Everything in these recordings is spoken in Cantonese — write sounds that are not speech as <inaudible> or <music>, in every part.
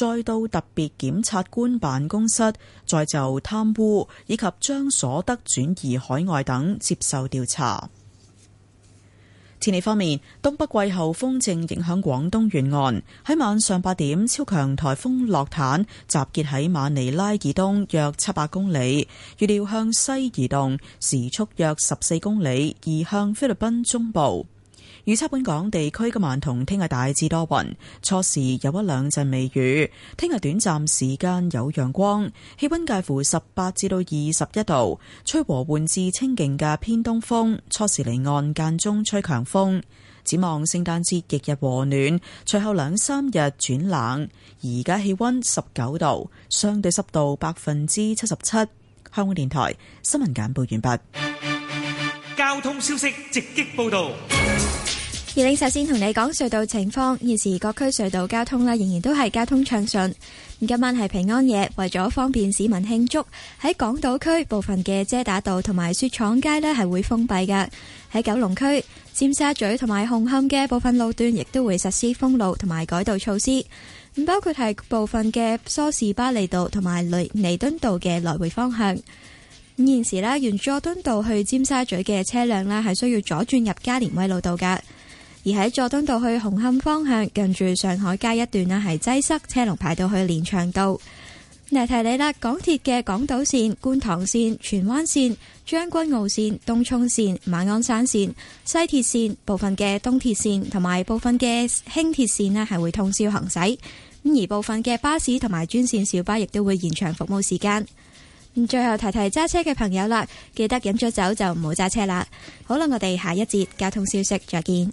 再到特別檢察官辦公室，再就貪污以及將所得轉移海外等接受調查。天氣方面，東北季候風正影響廣東沿岸。喺晚上八點，超強颱風洛坦集結喺馬尼拉以東約七百公里，預料向西移動，時速約十四公里，移向菲律賓中部。預測本港地區今晚同聽日大致多雲，初時有一兩陣微雨，聽日短暫時間有陽光，氣温介乎十八至到二十一度，吹和緩至清勁嘅偏東風，初時離岸間中吹強風。展望聖誕節翌日和暖，隨後兩三日轉冷。而家氣温十九度，相對濕度百分之七十七。香港電台新聞簡報完畢。交通消息直擊報道。而領首先同你講隧道情況，現時各區隧道交通啦仍然都係交通暢順。今晚係平安夜，為咗方便市民慶祝，喺港島區部分嘅遮打道同埋雪廠街咧係會封閉噶，喺九龍區尖沙咀同埋紅磡嘅部分路段亦都會實施封路同埋改道措施。咁包括係部分嘅梳士巴利道同埋雷尼敦道嘅來回方向。現時咧，原佐敦道去尖沙咀嘅車輛咧係需要左轉入嘉連威路道噶。而喺佐敦道去紅磡方向，近住上海街一段呢係擠塞，車龍排到去連翔道。提提你啦，港鐵嘅港島綫、觀塘綫、荃灣綫、將軍澳綫、東涌綫、馬鞍山綫、西鐵綫部分嘅東鐵綫同埋部分嘅輕鐵綫呢係會通宵行駛。而部分嘅巴士同埋專綫小巴亦都會延長服務時間。最後提提揸車嘅朋友啦，記得飲咗酒就唔好揸車啦。好啦，我哋下一節交通消息再見。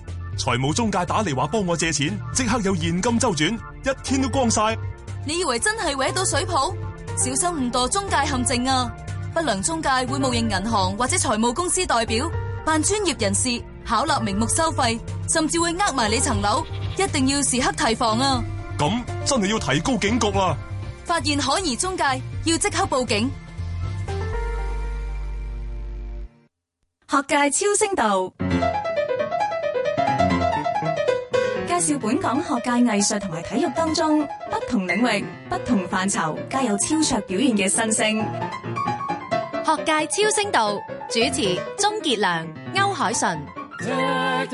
財務中介打嚟話幫我借錢，即刻有現金周轉，一天都光晒。你以為真係搵到水泡？小心誤墮中介陷阱啊！不良中介會冒認銀行或者財務公司代表，扮專業人士，巧立名目收費，甚至會呃埋你層樓。一定要時刻提防啊！咁真係要提高警覺啦！發現可疑中介，要即刻報警。學界超聲道。介紹本港學界藝術同埋體育當中不同領域、不同範疇皆有超卓表現嘅新星。學界超星道主持鍾杰良、歐鎧淳。歐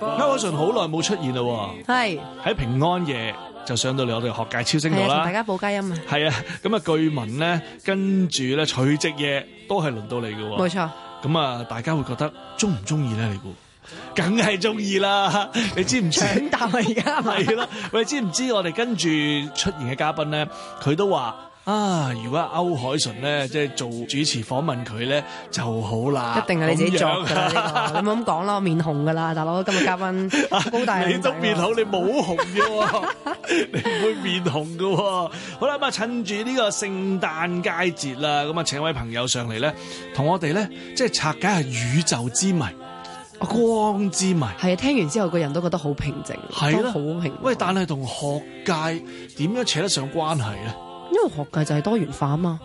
鎧淳好耐冇出現啦，係喺平安夜就上到嚟我哋學界超星道啦。大家報佳音啊！係啊，咁啊，據聞咧，跟住咧除夕夜都係輪到你㗎，冇錯。咁啊，大家會覺得中唔中意咧？你估？梗係中意啦，你知唔知？聖誕啊，而家係咯。喂，知唔知我哋跟住出現嘅嘉賓咧，佢都話啊，如果歐鎧淳咧即係做主持訪問佢咧就好啦。一定係你自己做！噶樣，你咪咁講咯，面紅噶啦，哥哥大佬今日嘉賓好大。你都面好，你冇紅嘅， <laughs> 你唔會面紅噶。好啦，咁、嗯、啊，趁住呢個聖誕佳節啦，咁啊，請位朋友上嚟咧，同我哋咧即係拆解下宇宙之謎。光之迷，係啊！聽完之後個人都覺得好平靜，覺得好平靜。喂，但係同學界點樣扯得上關係咧？因為學界就係多元化啊嘛。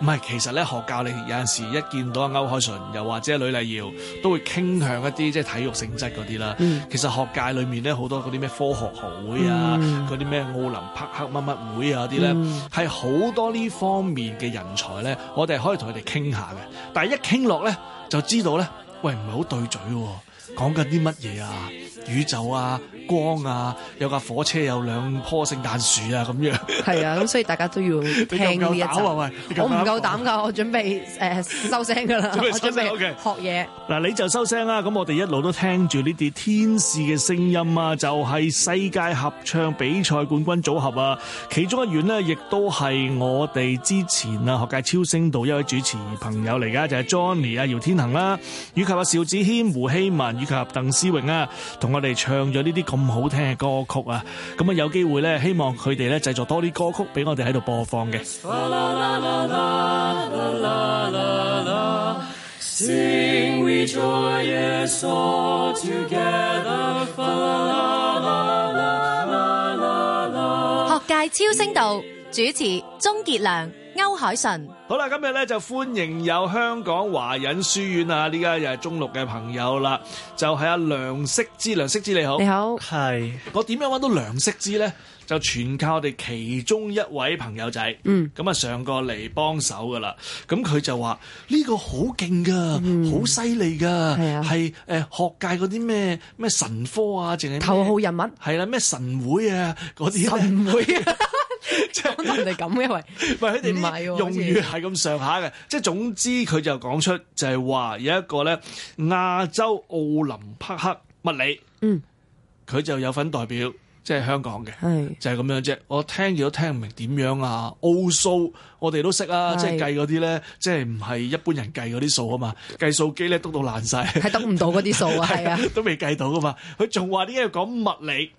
唔係，其實咧學教你有陣時一見到阿歐鎧淳，又或者呂麗瑤，都會傾向一啲即係體育性質嗰啲啦。嗯、其實學界裏面咧好多嗰啲咩科學學會啊，嗰啲咩奧林匹克乜乜會啊啲咧，係好、嗯、多呢方面嘅人才咧，我哋可以同佢哋傾下嘅。但係一傾落咧，就知道咧。喂，唔係好對嘴喎，講緊啲乜嘢啊？宇宙啊，光啊，有架火車，有兩棵聖誕樹啊，咁樣。係啊，咁所以大家都要聽呢 <laughs> 一集。我唔夠膽噶，我準備誒收聲噶啦。呃、準備收聲，O K。準 Okay. 學嘢嗱，你就收聲啦。咁我哋一路都聽住呢啲天使嘅聲音啊，就係、是、世界合唱比賽冠軍組合啊，其中一員呢，亦都係我哋之前啊學界超聲導一位主持朋友嚟噶，就係、是、Johnny 啊姚天恒啦、啊，以及啊邵子謙、胡希文，以及鄧詩穎啊，同。我哋唱咗呢啲咁好聽嘅歌曲啊，咁啊有機會咧，希望佢哋咧製作多啲歌曲俾我哋喺度播放嘅。 <music> 超聲道主持鍾傑良、歐鎧淳，好啦，今日咧就歡迎有香港華仁書院啊，呢家又係中六嘅朋友啦，就係、是、阿梁釋之，梁釋之你好，你好，係好是我點樣揾到梁釋之咧？就全靠我哋其中一位朋友仔，咁啊上過嚟幫手噶啦。咁佢就話呢個好勁噶，好犀利噶，係誒學界嗰啲咩咩神科啊，淨係頭號人物係啦，咩神會啊嗰啲神會，即係可能係咁嘅佢哋唔係用語係咁上下嘅。即係總之佢就講出就係話有一個咧亞洲奧林匹克物理，嗯，佢就有份代表。即係香港嘅，是就係咁樣啫。我聽住都聽唔明點樣啊。奧數、so, 我哋都識啊。是即係計嗰啲咧，即係唔係一般人計嗰啲數啊嘛。計機呢得得數機咧篤到爛晒，係得唔到嗰啲數啊，係啊，都未計到噶嘛。佢仲話點解要講物理，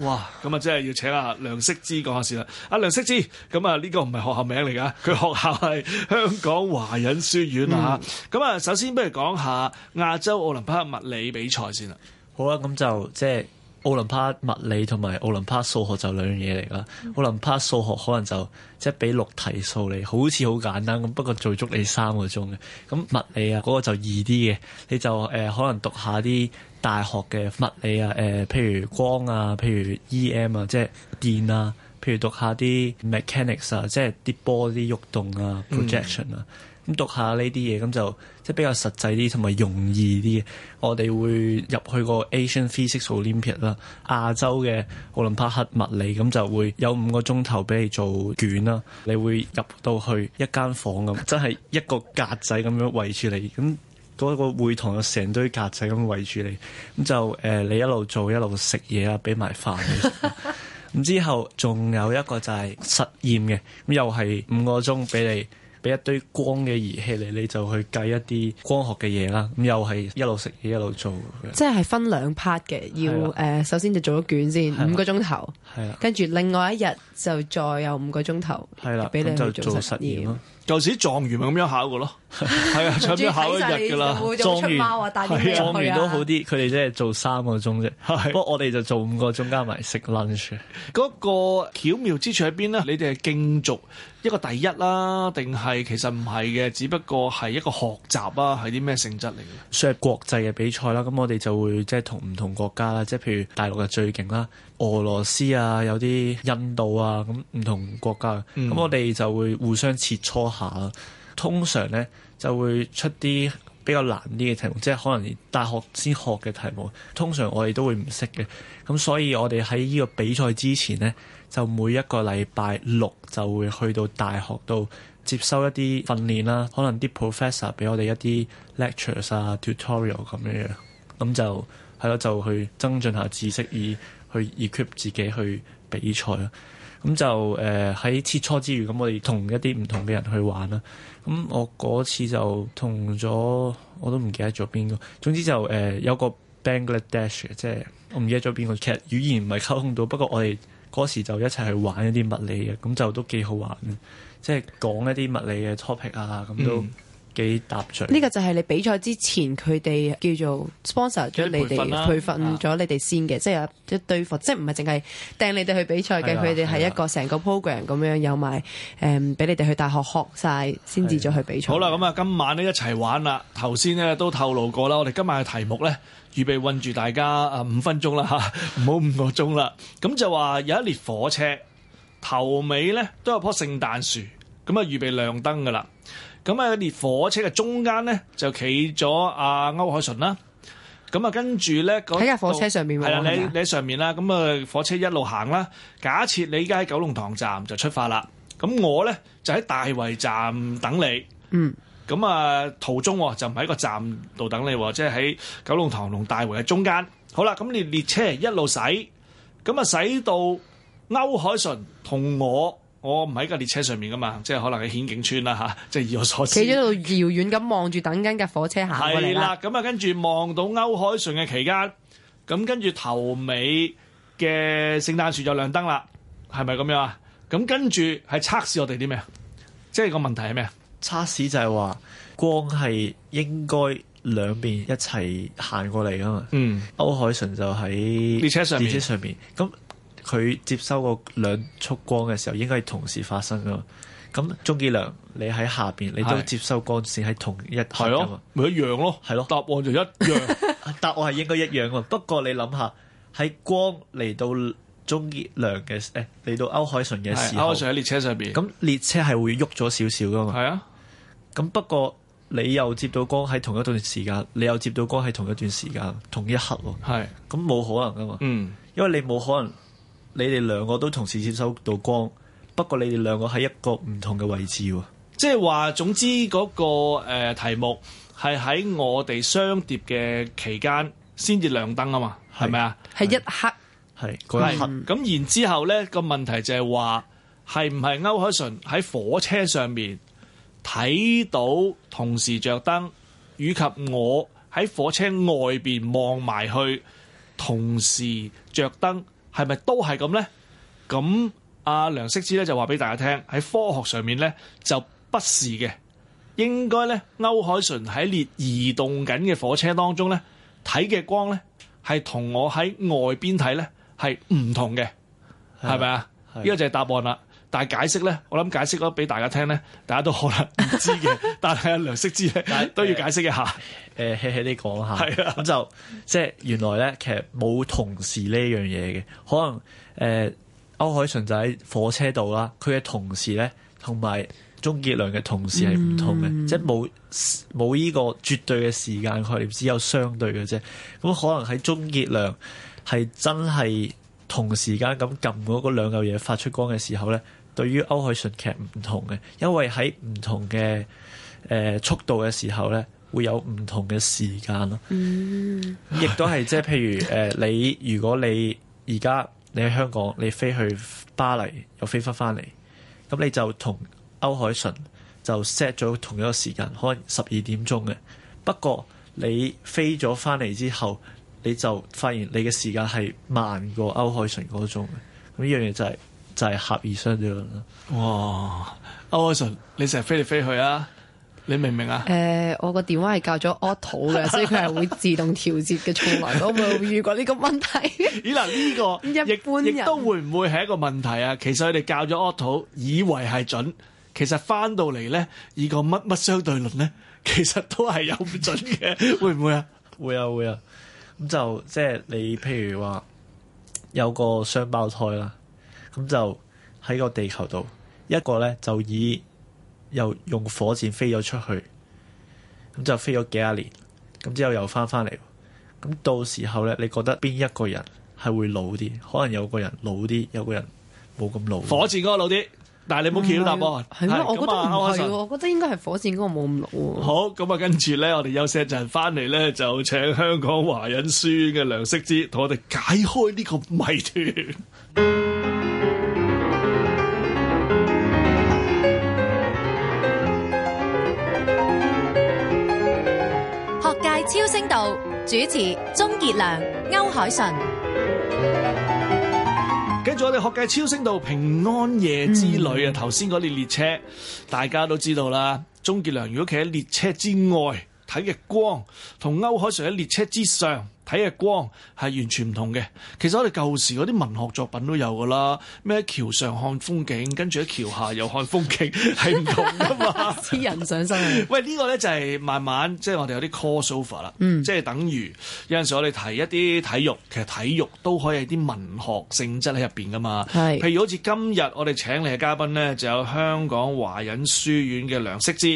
哇！咁啊，即係要請阿梁釋之講下先啦。阿梁釋之，咁啊呢個唔係學校名嚟噶，佢學校係香港華仁書院啊嚇。咁啊、嗯，首先不如講下亞洲奧林匹克物理比賽先啦。好啊，咁就即係。奧林匹物理同埋奧林匹數學就兩樣嘢嚟㗎。嗯、奧林匹數學可能就即係俾六題數你，好似好簡單咁。不過做足你三個鐘嘅。咁物理啊，嗰、那個就易啲嘅。你就誒、呃、可能讀下啲大學嘅物理啊，誒、呃、譬如光啊，譬如 EM 啊，即係電啊，譬如讀下啲 mechanics 啊，即係啲波啲喐動啊，projection 啊，咁、嗯、讀下呢啲嘢咁就。即係比較實際啲同埋容易啲。我哋會入去個 Asian Physics Olympiad 啦，亞洲嘅奧林匹克物理，咁就會有五個鐘頭俾你做卷啦。你會入到去一間房咁，真係一個格仔咁樣圍住你，咁、那、嗰個會堂有成堆格仔咁樣圍住你，咁就誒、呃、你一路做一路食嘢啊，俾埋飯。咁 <laughs> 之後仲有一個就係實驗嘅，咁又係五個鐘俾你。俾一堆光嘅儀器嚟，你就去計一啲光學嘅嘢啦。咁又係一路食嘢一路做。即係分兩 part 嘅，要誒首先就做咗卷先，五個鐘頭。係啦。跟住另外一日就再有五個鐘頭。係啦。咁就做實驗咯。舊時狀元咪咁樣考嘅咯。係啊，搶先考一日嘅啦。狀元啊，狀元都好啲。佢哋即係做三個鐘啫。不過我哋就做五個鐘加埋食 lunch。嗰個巧妙之處喺邊呢？你哋係競逐。一個第一啦，定係其實唔係嘅，只不過係一個學習啊，係啲咩性質嚟嘅？算係國際嘅比賽啦，咁我哋就會即係同唔同國家啦，即係譬如大陸嘅最勁啦，俄羅斯啊，有啲印度啊，咁唔同國家嘅，咁、嗯、我哋就會互相切磋下啦。通常呢，就會出啲比較難啲嘅題目，即係可能大學先學嘅題目，通常我哋都會唔識嘅。咁所以我哋喺呢個比賽之前呢。就每一個禮拜六就會去到大學度接收一啲訓練啦。可能啲 professor 俾我哋一啲 lectures 啊、tutorial 咁樣樣，咁就係咯，就去增進下知識以，以去 equip 自己去比賽啦。咁就誒喺切磋之餘，咁我哋同一啲唔同嘅人去玩啦。咁我嗰次就同咗我都唔記得咗邊個，總之就誒、呃、有個 Bangladesh 嘅，即係我唔記得咗邊個。其實語言唔係溝通到，不過我哋。嗰時就一齊去玩一啲物理嘅，咁就都幾好玩啊！即係講一啲物理嘅 topic 啊，咁都。嗯幾搭出？呢個就係你比賽之前，佢哋叫做 sponsor 咗你哋培訓咗你哋先嘅，的即係一堆課，的即係唔係淨係訂你哋去比賽嘅，佢哋係一個成個 program 咁樣有，有埋誒俾你哋去大學學晒，先至再去比賽。的好啦，咁、嗯、啊，今晚呢一齊玩啦！頭先咧都透露過啦，我哋今晚嘅題目咧，預備困住大家啊五、呃、分鐘啦吓，唔好五個鐘啦。咁 <laughs> 就話有一列火車頭尾咧都有棵聖誕樹，咁啊預備亮燈噶啦。咁啊，列火車嘅中間咧就企咗阿歐鎧淳啦。咁啊，跟住咧，喺架火車上面，係啦，你你喺上面啦。咁啊，火車一路行啦。假設你而家喺九龍塘站就出發啦。咁我咧就喺大圍站等你。嗯。咁啊，途中就唔喺個站度等你，即係喺九龍塘同大圍嘅中間。好啦，咁列列車一路駛，咁啊使到歐鎧淳同我。我唔喺架列車上面噶嘛，即係可能喺顯景村啦，吓，啊，即係以我所知。企咗度遙遠咁望住等緊架火車行過嚟啦。係啦，咁啊，跟住望到歐鎧淳嘅期間，咁跟住頭尾嘅聖誕樹就亮燈啦，係咪咁樣啊？咁跟住係測試我哋啲咩啊？即係個問題係咩啊？測試就係話光係應該兩邊一齊行過嚟噶嘛。嗯，歐鎧淳就喺列車上面，列車上面咁。佢接收個兩束光嘅時候，應該係同時發生噶嘛？咁鍾傑良，你喺下邊，你都接收光線喺同一刻，咪、就是、一樣咯？係咯的？答案就一樣。 <laughs> 答案係應該一樣喎。 <laughs> 不過你諗下，喺光嚟到鍾傑良嘅誒，嚟、哎、到歐鎧淳嘅時候，歐鎧淳喺列車上邊，咁列車係會喐咗少少噶嘛？係啊的。咁不過你又接到光喺同一段時間，你又接到光喺同一段時間，同一刻喎。係。咁冇的可能噶嘛？嗯。因為你冇可能。你哋兩個都同時接收到光，不過你哋兩個喺一個唔同嘅位置喎。即係話總之，嗰個誒、呃、題目係喺我哋相疊嘅期間先至亮燈啊嘛，係咪啊？係一刻，係嗰一刻。咁是、嗯、然之後咧，個問題就係話係唔係歐鎧淳喺火車上面睇到同時着燈，以及我喺火車外邊望埋去同時着燈。係咪都係咁咧？咁阿、啊、梁釋之咧就話俾大家聽，喺科學上面咧就不是嘅，應該咧，歐鎧淳喺列移動緊嘅火車當中咧睇嘅光咧，係同我喺外邊睇咧，係唔同嘅，係咪啊？呢個吧的就係答案啦。但係解釋咧，我諗解釋咗俾大家聽咧，大家都可能唔知嘅。 <laughs> 但係阿梁識知但咧，都也要解釋一下。誒、呃，嘿嘿，你講下，係啊， <laughs> 咁就即係原來咧，其實冇同,、呃、同時呢樣嘢嘅。可能誒，歐鎧淳就喺火車度啦。佢嘅同時咧，同埋鍾傑良嘅同時係唔同嘅，即係冇冇呢個絕對嘅時間概念，只有相對嘅啫。咁可能喺鍾傑良係真係同時間咁撳嗰個兩嚿嘢，發出光嘅時候咧。對於歐鎧淳劇唔同嘅，因為喺唔同嘅誒、呃、速度嘅時候咧，會有唔同嘅時間咯。亦、嗯、都係即係譬如誒、呃，你如果你而家你喺香港，你飛去巴黎又飛翻翻嚟，咁你就同歐鎧淳就 set 咗同一個時間可能十二點鐘嘅。不過你飛咗翻嚟之後，你就發現你嘅時間係慢過歐鎧淳嗰種嘅。咁呢樣嘢就係、是。就係狹義相對論。哇！歐、哦、文，Sir, 你成日飛嚟飛去啊？你明唔明啊？誒、呃，我個電話係教咗 auto 嘅，所以佢係會自動調節嘅速率。我冇 <laughs> 遇過呢個問題。咦？嗱、啊，呢、這個 <laughs> 一般人都會唔會係一個問題啊？其實佢哋教咗 auto，以為係準，其實翻到嚟咧，以個乜乜相對論咧，其實都係有唔準嘅。會唔會啊？會啊會啊！咁就即係你譬如話有個雙胞胎啦。咁就喺個地球度，一個咧就以又用火箭飛咗出去，咁就飛咗幾廿年，咁之後又翻翻嚟。咁到時候咧，你覺得邊一個人係會老啲？可能有個人老啲，有個人冇咁老。火箭嗰個老啲，但係你唔好揭曉答案。係，我覺得唔係，哦、我覺得應該係火箭嗰個冇咁老，啊。好，咁啊，跟住咧，我哋休息一陣翻嚟咧，就請香港華仁書院嘅梁釋之同我哋解開呢個謎團。 <laughs> 星道，主持鍾傑良、歐鎧淳，跟住我哋學嘅超星道平安夜之旅啊！頭先嗰列列車，大家都知道啦。鍾傑良如果企喺列車之外睇嘅光，同歐鎧淳喺列車之上。睇日光係完全唔同嘅。其實我哋舊時啲文學作品都有㗎啦。咩橋上看風景，跟住喺橋下又看風景，係唔 <laughs> 同㗎嘛。啲 <laughs> 人上身。喂，呢、這個咧就係慢慢即係、就是、我哋有啲 call sofa 啦。即係、嗯、等於有陣時我哋提一啲體育，其實體育都可以係啲文學性質喺入邊㗎嘛。係是譬如好似今日我哋請嚟嘅嘉賓咧，就有香港華仁書院嘅梁釋之，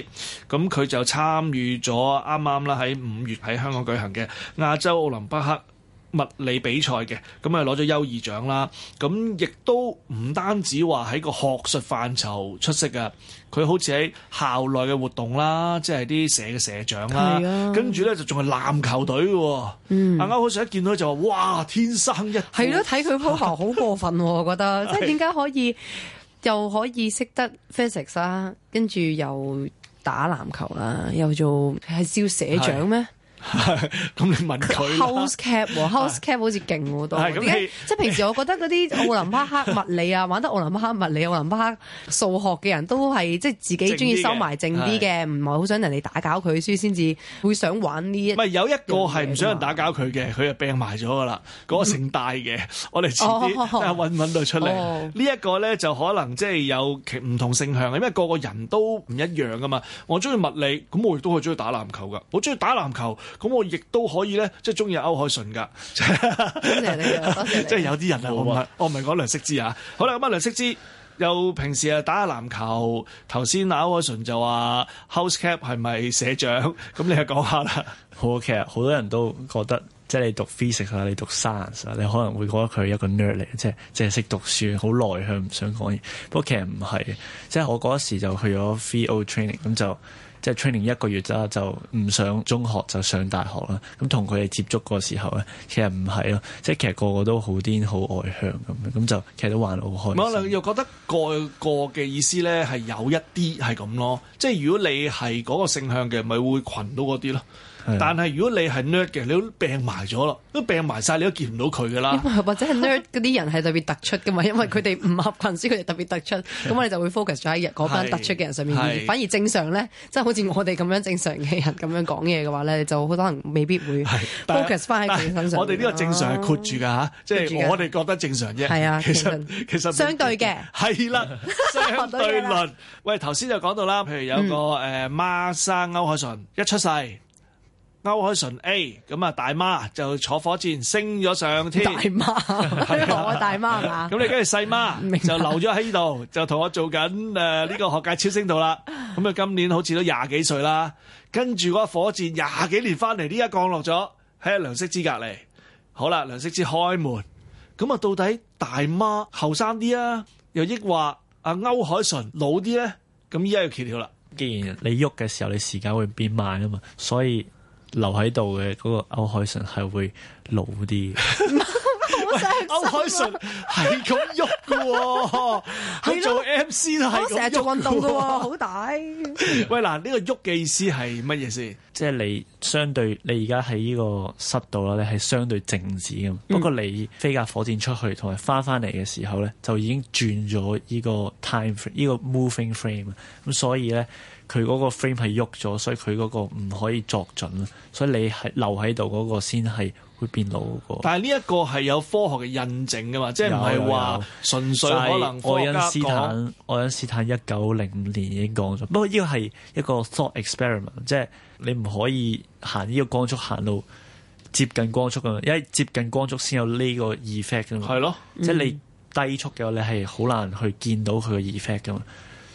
咁佢就參與咗啱啱啦喺五月喺香港舉行嘅亞洲奧林匹克物理比賽嘅，咁啊攞咗優異獎啦，咁亦都唔單止話喺個學術範疇出色社社啊，佢好似喺校內嘅活動啦，即係啲社嘅社長啦，跟住咧就仲係籃球隊嘅，啱啱好似一見到就話哇，天生一係咯，睇佢鋪頭好過分、啊， <laughs> 我覺得即係點解可以又可以識得 physics 啦，跟住又打籃球啦，又做係招社長咩？咁 <laughs> 你問佢？House cap <laughs> House cap 好似勁喎，都點解？ <laughs> 即係平時我覺得嗰啲奧林匹克物理啊，玩得奧林匹克物理、 <laughs> 奧林匹克數學嘅人都係即係自己中意收埋靜啲嘅，唔係好想人哋打攪佢，所以先至會想玩呢？唔係有一個係唔想人打攪佢嘅，佢就病埋咗噶啦。嗰、嗯、個姓戴嘅，我哋遲啲都係搵搵到出嚟。呢一、嗯哦哦、個咧就可能即係有唔同性向因為個個人都唔一樣噶嘛。我中意物理，咁我亦都好中意打籃球噶。我中意打籃球。咁我亦都可以咧，即係中意歐鎧淳噶，即係有啲人啊吧，我唔係，我唔係講梁釋之啊。好啦，咁啊，梁釋之又平時啊打下籃球。頭先歐鎧淳就話 Housecap 係咪社長？咁 <laughs> 你又講下啦。好，其實好多人都覺得。即係你讀 physics 啊，你讀 science 啊，你可能會覺得佢係一個 nerd 嚟，即係即係識讀書，好內向，唔想講嘢。不過其實唔係，即係我嗰時就去咗 free o training，咁就即係 training 一個月之後就唔上中學就上大學啦。咁同佢哋接觸個時候咧，其實唔係咯，即係其實個個都好癲，好外向咁，咁就其實都玩得好開心。唔係，我又覺得個個嘅意思咧係有一啲係咁咯。即係如果你係嗰個性向嘅，咪會群到嗰啲咯。但係如果你係 nerd 嘅，你都病埋咗咯，都病埋晒，你都見唔到佢噶啦。或者係 nerd 嗰啲人係特別突出嘅嘛？因為佢哋唔合群，所以佢哋特別突出。咁我哋就會 focus 咗喺嗰班突出嘅人上面。反而正常咧，即係好似我哋咁樣正常嘅人咁樣講嘢嘅話咧，就好多人未必會 focus 翻喺佢身上。我哋呢個正常係括住㗎嚇，即係我哋覺得正常啫。係啊，其實其實相對嘅係啦，相對論。喂，頭先就講到啦，譬如有個誒孖生歐鎧淳一出世。歐鎧淳 A 咁啊，大媽就坐火箭升咗上天，大媽媽 <laughs> 我大媽係嘛？咁 <laughs> 你跟住細媽就留咗喺呢度，白 <laughs> 就同我做緊誒呢個學界超聲度啦。咁啊，今年好似都廿幾歲啦。跟住嗰個火箭廿幾年翻嚟，呢家降落咗喺梁釋之隔籬。好啦，梁釋之開門。咁啊，到底大媽後生啲啊，又抑或阿歐鎧淳老啲咧？咁依家要揭曉啦。既然你喐嘅時候，你時間會變慢啊嘛，所以。留喺度嘅嗰個歐鎧淳係會老啲。 <laughs> 喂， <laughs> 心啊、 <laughs> 歐鎧淳係咁喐嘅喎，係 <laughs> <laughs> 做 MC 都係咁喐嘅喎，好大。喂，嗱，呢、呢個喐嘅意思係乜嘢先？即係你相對你而家喺呢個室度你係相對靜止嘅，嗯、不過你飛架火箭出去同埋翻翻嚟嘅時候咧，就已經轉咗呢個 time 呢個 moving frame 咁，所以咧。佢嗰個 frame 係喐咗，所以佢嗰個唔可以作準啦。所以你係留喺度嗰個先係會變老嗰、那個、但係呢一個係有科學嘅印證噶嘛？即係唔係話純粹可能愛因斯坦？愛因斯坦一九零五年已經講咗。不過呢個係一個 thought experiment，即係你唔可以行呢個光速行到接近光速噶嘛？因為接近光速先有呢個 effect 噶嘛。係、嗯、咯，即係你低速嘅話，你係好難去見到佢嘅 effect 噶嘛。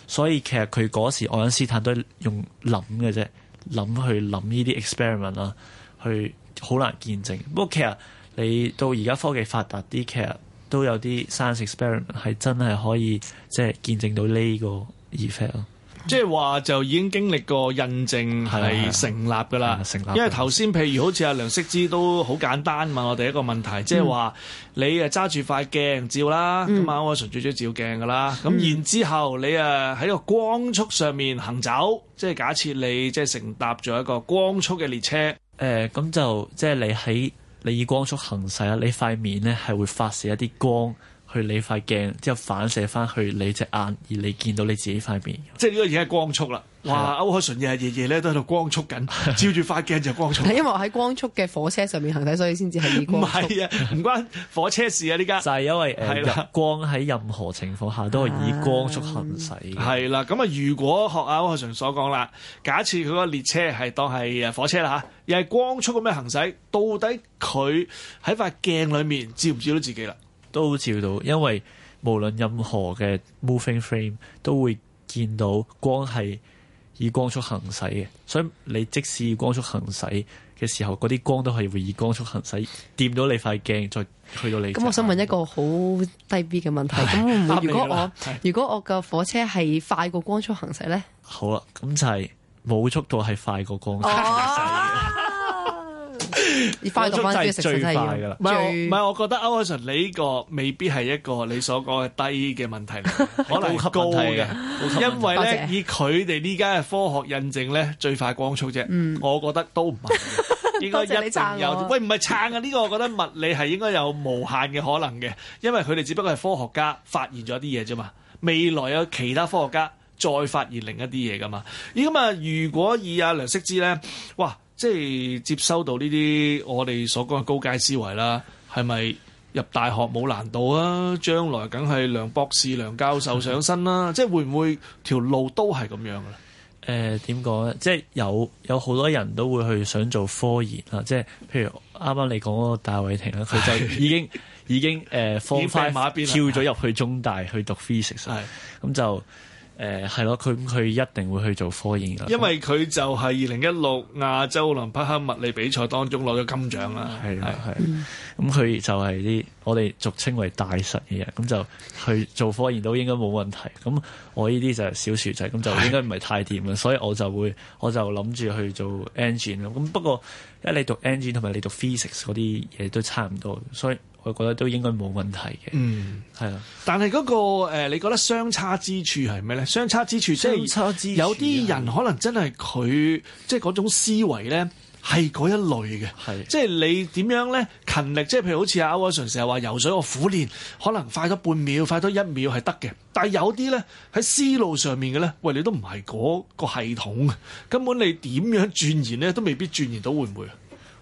所以其實佢嗰時愛因斯坦都係用諗嘅啫，諗去諗呢啲 experiment 啦，去好難見證。不過其實你到而家科技發達啲，其實都有啲 science experiment 係真係可以即係、就是、見證到呢個 effect 咯。即係話就已經經歷過印證係成立噶啦，是是因為頭先譬如好似阿梁釋之都好簡單問我哋一個問題，即係話你誒揸住塊鏡照啦，咁啊我純粹照鏡噶啦，咁、嗯、然之後你誒喺個光速上面行走，即係假設你即係乘搭咗一個光速嘅列車，誒咁就即係你喺你以光速行駛啊，你塊面咧係會發射一啲光。去你塊鏡，之後反射翻去你隻眼，而你見到你自己塊面，即係呢個已經係光速啦！哇，吧歐鎧淳日日夜夜咧都喺度光速緊， <laughs> 照住塊鏡就光速。因為我喺光速嘅火車上面行駛，所以先至係以光速。唔係 <laughs> 啊，唔關火車事啊，呢家 <laughs> 在。就係因為誒、呃、啦光喺任何情況下都係以光速行駛。係、啊、啦，咁啊，如果學阿歐鎧淳所講啦，假設佢個列車係當係誒火車啦嚇，又係光速咁樣行駛，到底佢喺塊鏡裡面照唔照到自己啦？都照到，因為無論任何嘅 moving frame 都會見到光係以光速行駛嘅，所以你即使以光速行駛嘅時候，嗰啲光都係會以光速行駛，掂到你塊鏡再去到你。咁我想問一個好低 B 嘅問題，咁的如果我如果我嘅火車係快過光速行駛呢？好啦，咁就係冇速度係快過光速行駛。Oh! 光速真係最快噶啦，唔係是最我唔覺得，歐鎧淳，你呢個未必係一個你所講嘅低嘅問題， <laughs> 可能高嘅 <laughs> 因為咧謝以佢哋呢家嘅科學印證咧，最快光速啫。嗯，我覺得都唔係， <laughs> 多謝 應該一定有。喂，唔係撐啊？呢個我覺得物理係應該有無限嘅可能嘅，因為佢哋只不過係科學家發現咗啲嘢啫嘛。未來有其他科學家再發現另一啲嘢噶嘛？咁啊，如果以阿梁釋之咧，哇！即係接收到呢啲我哋所講嘅高階思維啦，係咪入大學冇難度啊？將來梗係梁博士、梁教授上身啦、啊，嗯、即係會唔會條路都係咁樣嘅咧？誒點講咧？即係有有好多人都會去想做科研啊。即係譬如啱啱你講嗰個戴偉婷啦，佢就已經 <laughs> 已經誒放飛馬跳咗入去中大去讀 physics，咁的的就。誒，係咯、嗯，佢佢一定會去做科研噶，因為佢就係二零一六亞洲奧林匹克物理比賽當中攞咗金獎啦。係係，咁佢、嗯嗯、就係啲我哋俗稱為大神嘅人，咁就去做科研都應該冇問題。咁我呢啲就係小薯仔，咁就應該唔係太掂。啦。是的 所以我就會，我就諗住去做 engine 咯。咁不過一你讀 engine 同埋你讀 physics 嗰啲嘢都差唔多，所以。我覺得都應該冇問題嘅。嗯，係啦的。但係嗰、那個、呃、你覺得相差之處係咩咧？相差之處即係有啲人可能真係佢即係嗰種思維咧，係嗰一類嘅。係即係你點樣咧勤力，即係譬如好似阿 w i 成日話游水我苦練，可能快咗半秒、快咗一秒係得嘅。但係有啲咧喺思路上面嘅咧，喂，你都唔係嗰個系統，根本你點樣轉移咧都未必轉移到，會唔會？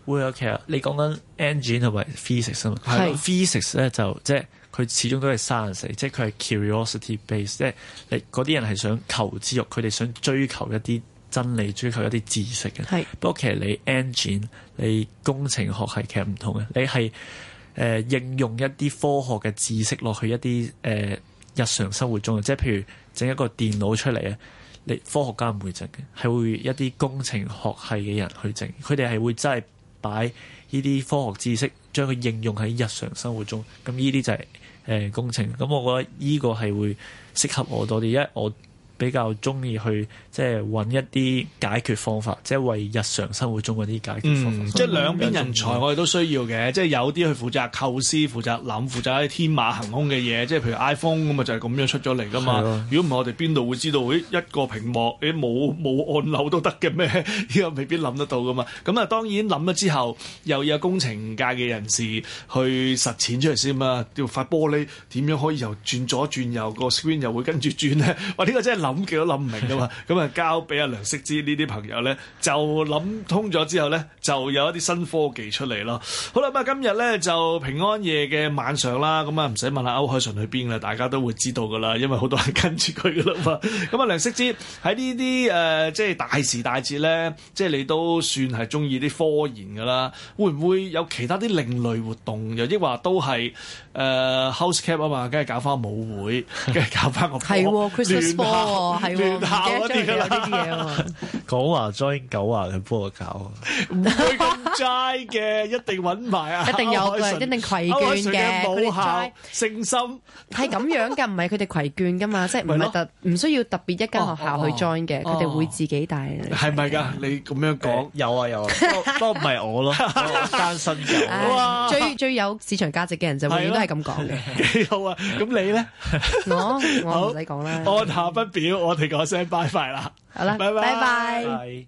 會啊，其實你講緊 engine 同埋 ph 是、yeah, physics 啊嘛，係 physics 咧就即係佢始終都係 science 即係佢係 curiosity base，即係你嗰啲人係想求知慾，佢哋想追求一啲真理，追求一啲知識嘅。係是，不過其實你 engine 你工程學係其實唔同嘅，你係誒、呃、應用一啲科學嘅知識落去一啲誒、呃、日常生活中嘅，即係譬如整一個電腦出嚟啊，你科學家唔會整嘅，係會一啲工程學系嘅人去整，佢哋係會真係。擺呢啲科學知識，將佢應用喺日常生活中，咁呢啲就係、是、誒、呃、工程。咁我覺得呢個係會適合我多啲，因為我。比較中意去即係搵一啲解決方法，即係為日常生活中嗰啲解決方法。嗯、即係兩邊人才我哋都需要嘅，的即係有啲去負責構思、負責諗、負責啲天馬行空嘅嘢。即係譬如 iPhone 咁啊，就係咁樣出咗嚟噶嘛。如果唔係我哋邊度會知道？咦、欸，一個屏幕咦冇冇按鈕都得嘅咩？呢個未必諗得到噶嘛。咁啊，當然諗咗之後，又有工程界嘅人士去實踐出嚟先啊。叫塊玻璃點樣可以由轉左轉右個 screen 又會跟住轉咧？哇！呢個真係諗極都諗唔明噶嘛。咁啊交俾，阿梁釋之呢啲朋友咧，就諗通咗之後咧，就有一啲新科技出嚟咯。好啦，咁啊今日咧就平安夜嘅晚上啦，咁啊唔使問阿歐鎧淳去邊啦，大家都會知道噶啦，因為好多人係跟住佢噶啦嘛。咁啊梁釋之喺呢啲誒，即係大時大節咧，即係你都算係中意啲科研噶啦，會唔會有其他啲另類活動？又抑或都係誒 house cap 啊嘛。梗係搞翻舞會，梗係搞翻個係 Christmas ball。聯校嗰啲啦，呢啲嘢啊嘛，講話 join 九啊，你幫我搞，唔會咁齋嘅，一定揾埋啊，一定有，一定攜眷嘅，佢哋齋誠心係咁樣噶，唔係佢哋攜眷噶嘛，即係唔係特唔需要特別一間學校去 join 嘅，佢哋會自己帶。係咪噶？你咁樣講有啊有，都唔係我咯，單身狗，最最有市場價值嘅人就永遠都係咁講嘅。幾好啊！咁你咧？我我唔使講啦，按下不表。我哋講聲拜拜啦，好啦，拜拜。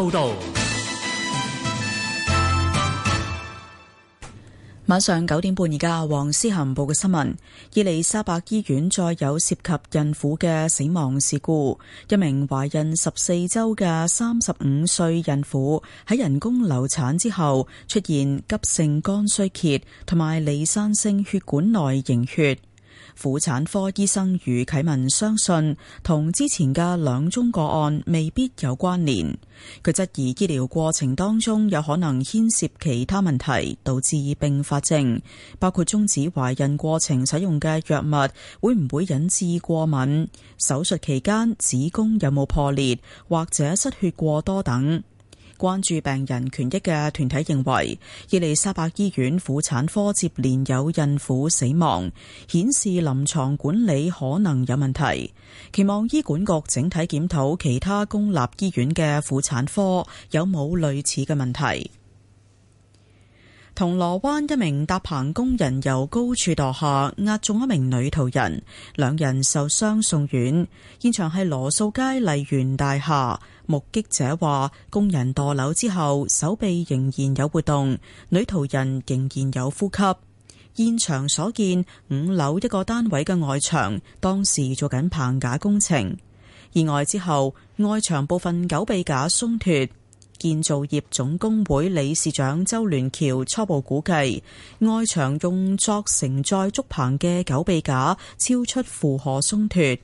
報道，晚上九點半，而家黃思恆報嘅新聞：伊利沙伯醫院再有涉及孕婦嘅死亡事故，一名懷孕十四周嘅三十五歲孕婦喺人工流產之後，出現急性肝衰竭同埋彌散性血管內凝血。婦產科醫生余啟文相信，同之前嘅兩宗個案未必有關聯。佢質疑醫療過程當中有可能牽涉其他問題，導致併發症，包括終止懷孕過程使用嘅藥物會唔會引致過敏、手術期間子宮有冇破裂或者失血過多等。關注病人權益嘅團體認為，伊利沙伯醫院婦產科接連有孕婦死亡，顯示臨床管理可能有問題。期望醫管局整體檢討其他公立醫院嘅婦產科有冇類似嘅問題。銅鑼灣一名搭棚工人由高處落下，壓中一名女途人，兩人受傷送院。現場係羅素街麗園大廈。目擊者話，工人墮樓之後，手臂仍然有活動，女途人仍然有呼吸。現場所見，五樓一個單位嘅外牆當時做緊棚架工程，意外之後，外牆部分狗臂架鬆脫。建造業總工會理事長周聯橋初步估計，外牆用作承載竹棚嘅狗臂架超出負荷鬆脫。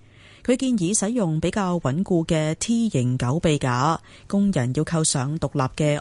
佢建議使用比較穩固嘅 T 型狗臂架，工人要扣上獨立嘅。